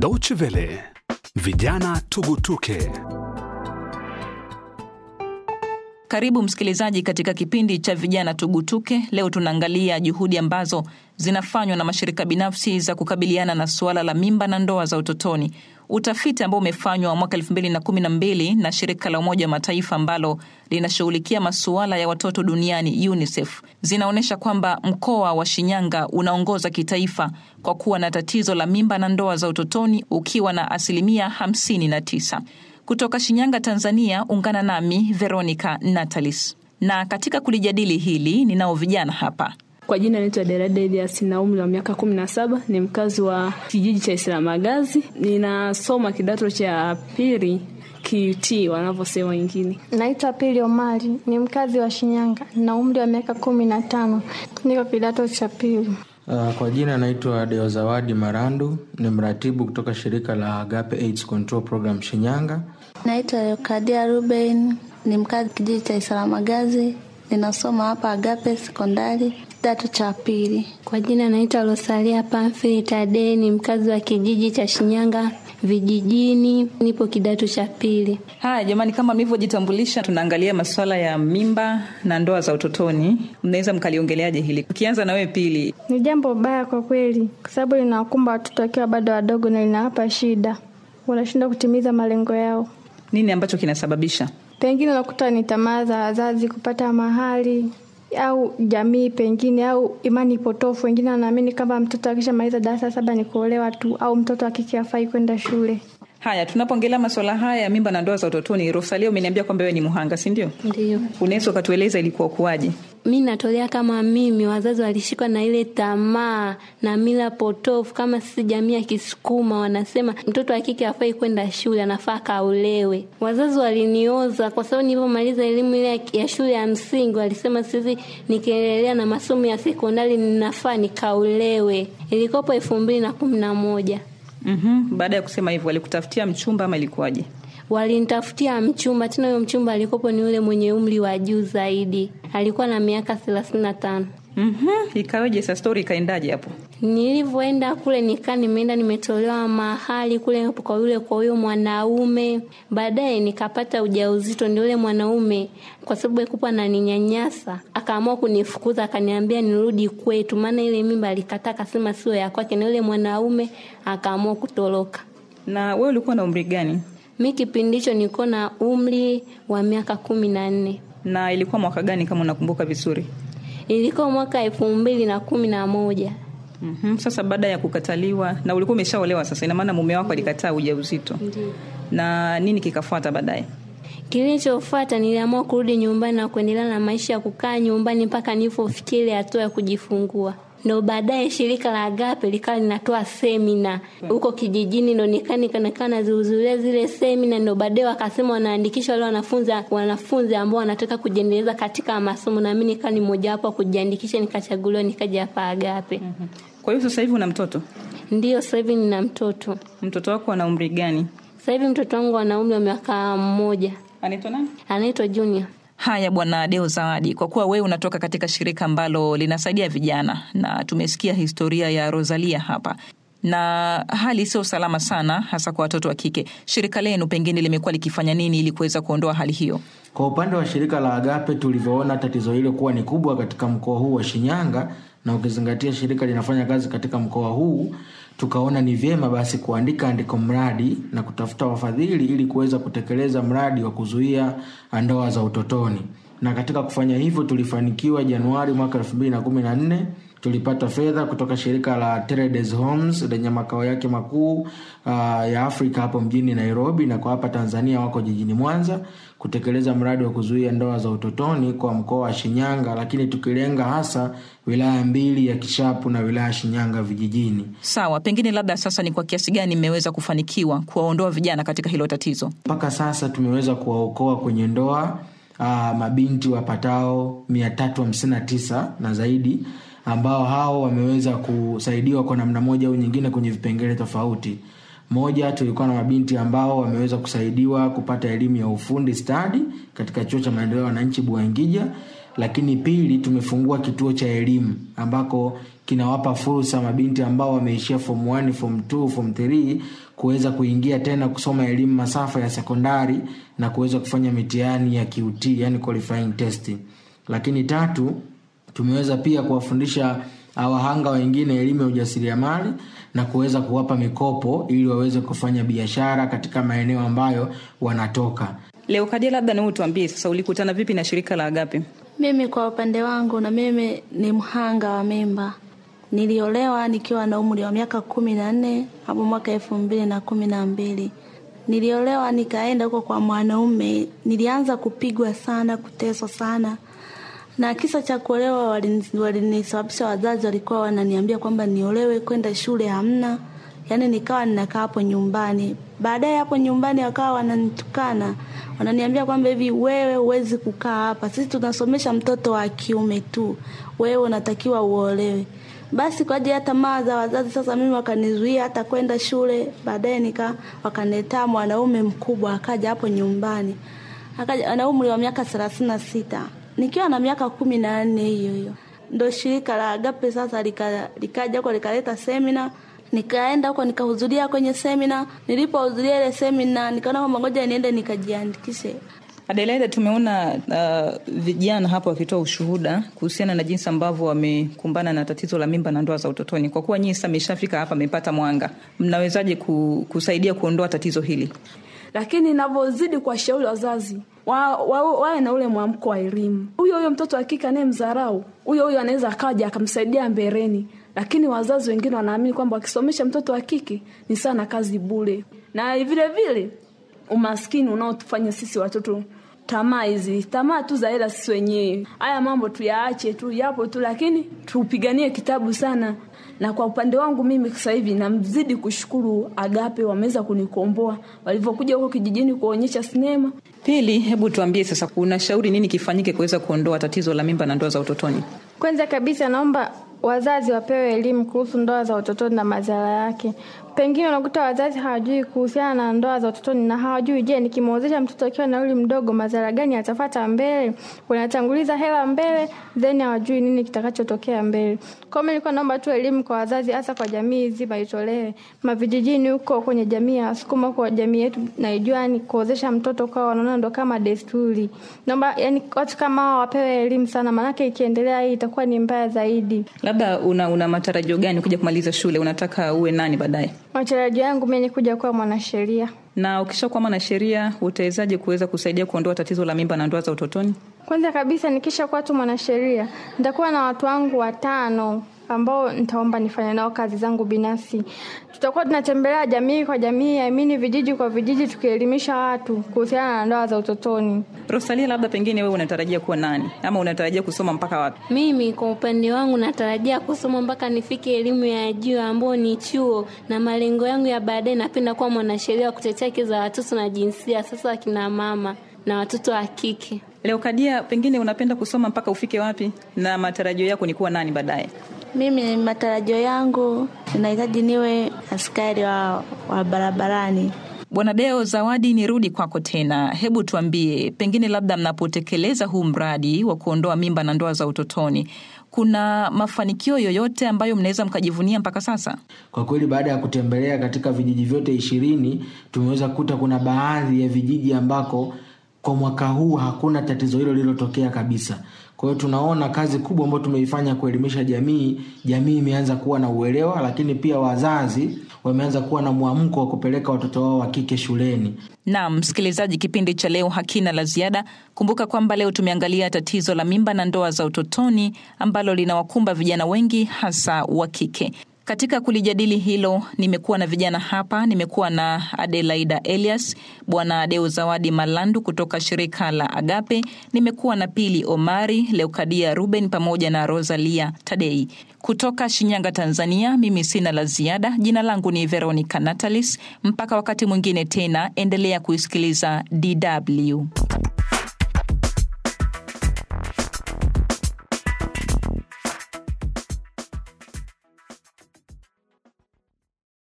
Deutsche Welle, vijana tugutuke. Karibu msikilizaji katika kipindi cha vijana tugutuke. Leo tunaangalia juhudi ambazo zinafanywa na mashirika binafsi za kukabiliana na suala la mimba na ndoa za utotoni. Utafiti ambao umefanywa mwaka elfu mbili na kumi na mbili na shirika la Umoja wa Mataifa ambalo linashughulikia masuala ya watoto duniani UNICEF zinaonyesha kwamba mkoa wa Shinyanga unaongoza kitaifa kwa kuwa na tatizo la mimba na ndoa za utotoni ukiwa na asilimia hamsini na tisa. Kutoka Shinyanga, Tanzania, ungana nami Veronica Natalis, na katika kulijadili hili ninao vijana hapa. Kwa jina naitwa Derada Elias na umri wa miaka kumi na saba, ni mkazi wa kijiji cha Islamagazi. ninasoma kidato cha pili QT wanavyosema wengine. Naitwa Pili Omari, ni mkazi wa Shinyanga na umri wa miaka kumi na tano, niko kidato cha pili. Uh, kwa jina naitwa Deo Zawadi Marandu, ni mratibu kutoka shirika la Agape AIDS Control Program Shinyanga. Naitwa Leokadia Ruben, ni mkazi kijiji cha Isalamagazi, ninasoma hapa Agape Sekondari kidato cha pili. Kwa jina naitwa Rosalia Pamphili Tadei, ni mkazi wa kijiji cha Shinyanga vijijini, nipo kidato cha pili. Haya jamani, kama mlivyojitambulisha, tunaangalia masuala ya mimba na ndoa za utotoni. Mnaweza mkaliongeleaje hili? Ukianza na wewe Pili. Ni jambo baya kwa kweli, kwa sababu linawakumba watoto wakiwa bado wadogo na linawapa shida, wanashindwa kutimiza malengo yao. Nini ambacho kinasababisha? Pengine unakuta ni tamaa za wazazi kupata mahali au jamii pengine au imani potofu wengine wanaamini kwamba mtoto akishamaliza darasa saba ni kuolewa tu au mtoto wa kike afai kwenda shule haya tunapoongelea masuala haya ya mimba na ndoa za utotoni rosalia umeniambia kwamba wewe ni muhanga si ndio ndio unaweza ukatueleza ilikuwa ukuaje mi natolea kama mimi wazazi walishikwa na ile tamaa na mila potofu, kama sisi jamii ya Kisukuma wanasema mtoto wa kike hafai kwenda shule, anafaa kaolewe. Wazazi walinioza kwa sababu nilivyomaliza elimu ile ya shule ya msingi, walisema sisi nikiendelea na masomo ya sekondari ninafaa nikaolewe. Ilikopo elfu mbili na kumi na moja. Mm-hmm. Baada ya kusema hivyo walikutafutia mchumba ama ilikuwaje? walinitafutia mchumba tena. Huyo mchumba alikopo ni yule mwenye umri wa juu zaidi, alikuwa na miaka thelathini na tano. Mm-hmm. Ikaweje sa stori ikaendaje hapo? Nilivyoenda kule nikaa nimeenda nimetolewa mahali kule kwa yule kwa huyo mwanaume, baadaye nikapata ujauzito. Ndio yule mwanaume, kwa sababu yakupo ananinyanyasa, akaamua kunifukuza, akaniambia nirudi kwetu, maana ile mimba alikataa, akasema sio ya kwake, na yule mwanaume akaamua kutoroka. Na wewe ulikuwa na umri gani? Mi kipindi hicho niko na umri wa miaka kumi na nne. Na ilikuwa mwaka gani kama unakumbuka vizuri? Ilikuwa mwaka elfu mbili na kumi na moja. Mm-hmm. Sasa baada ya kukataliwa na ulikuwa umeshaolewa sasa, ina maana mume wako alikataa ujauzito. uzito Na nini kikafuata baadaye? Kilichofuata niliamua kurudi nyumbani na kuendelea na maisha ya kukaa nyumbani mpaka nilipofikiri hatua ya kujifungua ndo baadaye shirika la Agape likawa linatoa semina huko kijijini, ndo nikawa nazihudhuria zile semina, ndo baadaye wakasema wanaandikisha wale wanafunzi wanafunzi ambao wanataka kujiendeleza katika masomo, nami nikawa ni mojawapo wa kujiandikisha, nikachaguliwa, nikaja hapa Agape. Mm-hmm. Kwa hiyo sasa hivi una mtoto? Ndiyo, sasa hivi nina mtoto. Mtoto wako ana umri gani sasa hivi? Mtoto wangu ana umri wa miaka mmoja. Anaitwa nani? Anaitwa Junior. Haya bwana Deo Zawadi, kwa kuwa wewe unatoka katika shirika ambalo linasaidia vijana na tumesikia historia ya Rosalia hapa na hali sio salama sana, hasa kwa watoto wa kike. Shirika lenu pengine limekuwa likifanya nini ili kuweza kuondoa hali hiyo? Kwa upande wa shirika la Agape, tulivyoona tatizo hilo kuwa ni kubwa katika mkoa huu wa Shinyanga, na ukizingatia shirika linafanya kazi katika mkoa huu, tukaona ni vyema basi kuandika andiko mradi na kutafuta wafadhili ili kuweza kutekeleza mradi wa kuzuia ndoa za utotoni, na katika kufanya hivyo tulifanikiwa Januari mwaka nne tulipata fedha kutoka shirika la Teredes Homes lenye makao yake makuu uh, ya Afrika hapo mjini Nairobi na kwa hapa Tanzania wako jijini Mwanza kutekeleza mradi wa kuzuia ndoa za utotoni kwa mkoa wa Shinyanga, lakini tukilenga hasa wilaya mbili ya Kishapu na wilaya Shinyanga vijijini. Sawa, pengine labda sasa ni kwa kiasi gani mmeweza kufanikiwa kuwaondoa vijana katika hilo tatizo? Mpaka sasa tumeweza kuwaokoa kwenye ndoa uh, mabinti wapatao 359 na zaidi ambao hao wameweza kusaidiwa kwa namna moja au nyingine kwenye vipengele tofauti. Moja, tulikuwa na mabinti ambao wameweza kusaidiwa kupata elimu ya ufundi stadi katika chuo cha maendeleo ya wananchi Buangija, lakini pili, tumefungua kituo cha elimu ambako kinawapa fursa mabinti ambao wameishia form 1, form 2, form 3 kuweza kuingia tena kusoma elimu masafa ya sekondari na kuweza kufanya mitihani ya QT, yani qualifying test. Lakini tatu, Tumeweza pia kuwafundisha ah, wahanga wengine elimu ya ujasiriamali na kuweza kuwapa mikopo ili waweze kufanya biashara katika maeneo ambayo wanatoka. Leo labda ni utuambie sasa, ulikutana vipi na shirika la Agape? Mimi kwa upande wangu, na mimi ni mhanga wa mimba. Niliolewa nikiwa na umri wa miaka kumi na nne hapo mwaka elfu mbili na kumi na mbili niliolewa nikaenda huko kwa mwanaume. Nilianza kupigwa sana, kuteswa sana na kisa cha kuolewa walinisababisha walini, wazazi walikuwa wananiambia kwamba niolewe, kwenda shule hamna, yaani nikawa ninakaa hapo nyumbani. Baadaye hapo nyumbani wakawa wananitukana, wananiambia kwamba hivi wewe huwezi kukaa hapa, sisi tunasomesha mtoto wa kiume tu, wewe unatakiwa uolewe. Basi kwa ajili ya tamaa za wazazi sasa, mimi wakanizuia hata kwenda shule. Baadaye nika wakanetaa mwanaume mkubwa, akaja hapo nyumbani, akaja na umri wa miaka thelathini na sita nikiwa na miaka kumi na nne hiyo hiyo ndo shirika la Agape sasa likaja huko likaleta semina, nikaenda huko nikahudhuria kwenye semina. Nilipohudhuria ile semina, nikaona kwamba ngoja niende nikajiandikishe. Adelaide, tumeona uh, vijana hapo wakitoa ushuhuda kuhusiana na jinsi ambavyo wamekumbana na tatizo la mimba na ndoa za utotoni. Kwa kuwa nyinyi sasa mmeshafika hapa, mmepata mwanga, mnawezaje kusaidia kuondoa tatizo hili? Lakini inavyozidi kuwashauri wazazi wawe wa, wa, na ule mwamko wa elimu. Huyo huyo mtoto wa kike mzarau huyo huyo anaweza akaja akamsaidia mbeleni, lakini wazazi wengine wanaamini kwamba wakisomesha mtoto wa kike ni sana kazi bure, na vile vile umaskini unaotufanya sisi watoto tamaa hizi tamaa tu za hela sisi wenyewe. Haya mambo tuyaache tu, yapo tu, lakini tupiganie kitabu sana na kwa upande wangu mimi sasa hivi namzidi kushukuru Agape, wameweza kunikomboa walivyokuja huko kijijini kuonyesha sinema. Pili, hebu tuambie sasa, kuna shauri nini kifanyike kuweza kuondoa tatizo la mimba na ndoa za utotoni? Kwanza kabisa naomba wazazi wapewe elimu kuhusu ndoa za utotoni na madhara yake. Pengine unakuta wazazi hawajui kuhusiana na ndoa za utotoni na hawajui, je, nikimwozesha mtoto akiwa na uli mdogo madhara gani atafata mbele? Wanatanguliza hela mbele, then hawajui nini kitakachotokea mbele. Kwa hiyo nilikuwa naomba tu elimu kwa wazazi, hasa kwa jamii nzima itolewe mavijijini huko, kwenye jamii ya Wasukuma, kwa jamii yetu naijua ni kuozesha mtoto kwao wanaona ndo kama desturi. Naomba yani watu kama hao wapewe elimu sana, maanake ikiendelea hii itakuwa ni mbaya zaidi. Labda una, una matarajio gani kuja kumaliza shule? Unataka uwe nani baadaye? Matarajio yangu mimi ni kuja kuwa mwanasheria. Na ukishakuwa mwanasheria utawezaje kuweza kusaidia kuondoa tatizo la mimba na ndoa za utotoni? Kwanza kabisa nikishakuwa tu mwanasheria, nitakuwa na watu wangu watano ambao nitaomba nifanye nao kazi zangu binafsi. Tutakuwa tunatembelea jamii kwa jamii, amini vijiji kwa vijiji, tukielimisha watu kuhusiana na ndoa za utotoni. Rosalia, labda pengine wewe unatarajia kuwa nani ama unatarajia kusoma mpaka wapi? Mimi kwa upande wangu natarajia kusoma mpaka nifike elimu ya juu ambayo ni chuo, na malengo yangu ya baadaye, napenda kuwa mwanasheria wa kutetea haki za watoto na jinsia, sasa akina mama na watoto wa kike. Leokadia, pengine unapenda kusoma mpaka ufike wapi na matarajio yako ni kuwa nani baadaye? Mimi matarajio yangu ninahitaji niwe askari wa, wa barabarani. Bwana Deo Zawadi, nirudi kwako tena. Hebu tuambie, pengine labda mnapotekeleza huu mradi wa kuondoa mimba na ndoa za utotoni, kuna mafanikio yoyote ambayo mnaweza mkajivunia mpaka sasa? Kwa kweli, baada ya kutembelea katika vijiji vyote ishirini, tumeweza kukuta kuna baadhi ya vijiji ambako kwa mwaka huu hakuna tatizo hilo lililotokea kabisa kwa hiyo tunaona kazi kubwa ambayo tumeifanya kuelimisha jamii jamii imeanza kuwa na uelewa lakini pia wazazi wameanza kuwa na mwamko wa kupeleka watoto wao wa kike shuleni nam msikilizaji kipindi cha leo hakina la ziada kumbuka kwamba leo tumeangalia tatizo la mimba na ndoa za utotoni ambalo linawakumba vijana wengi hasa wa kike katika kulijadili hilo, nimekuwa na vijana hapa, nimekuwa na Adelaida Elias, Bwana Deo Zawadi Malandu kutoka shirika la Agape, nimekuwa na Pili Omari, Leukadia Ruben pamoja na Rosalia Tadei kutoka Shinyanga, Tanzania. Mimi sina la ziada. Jina langu ni Veronica Natalis. Mpaka wakati mwingine tena, endelea kuisikiliza DW.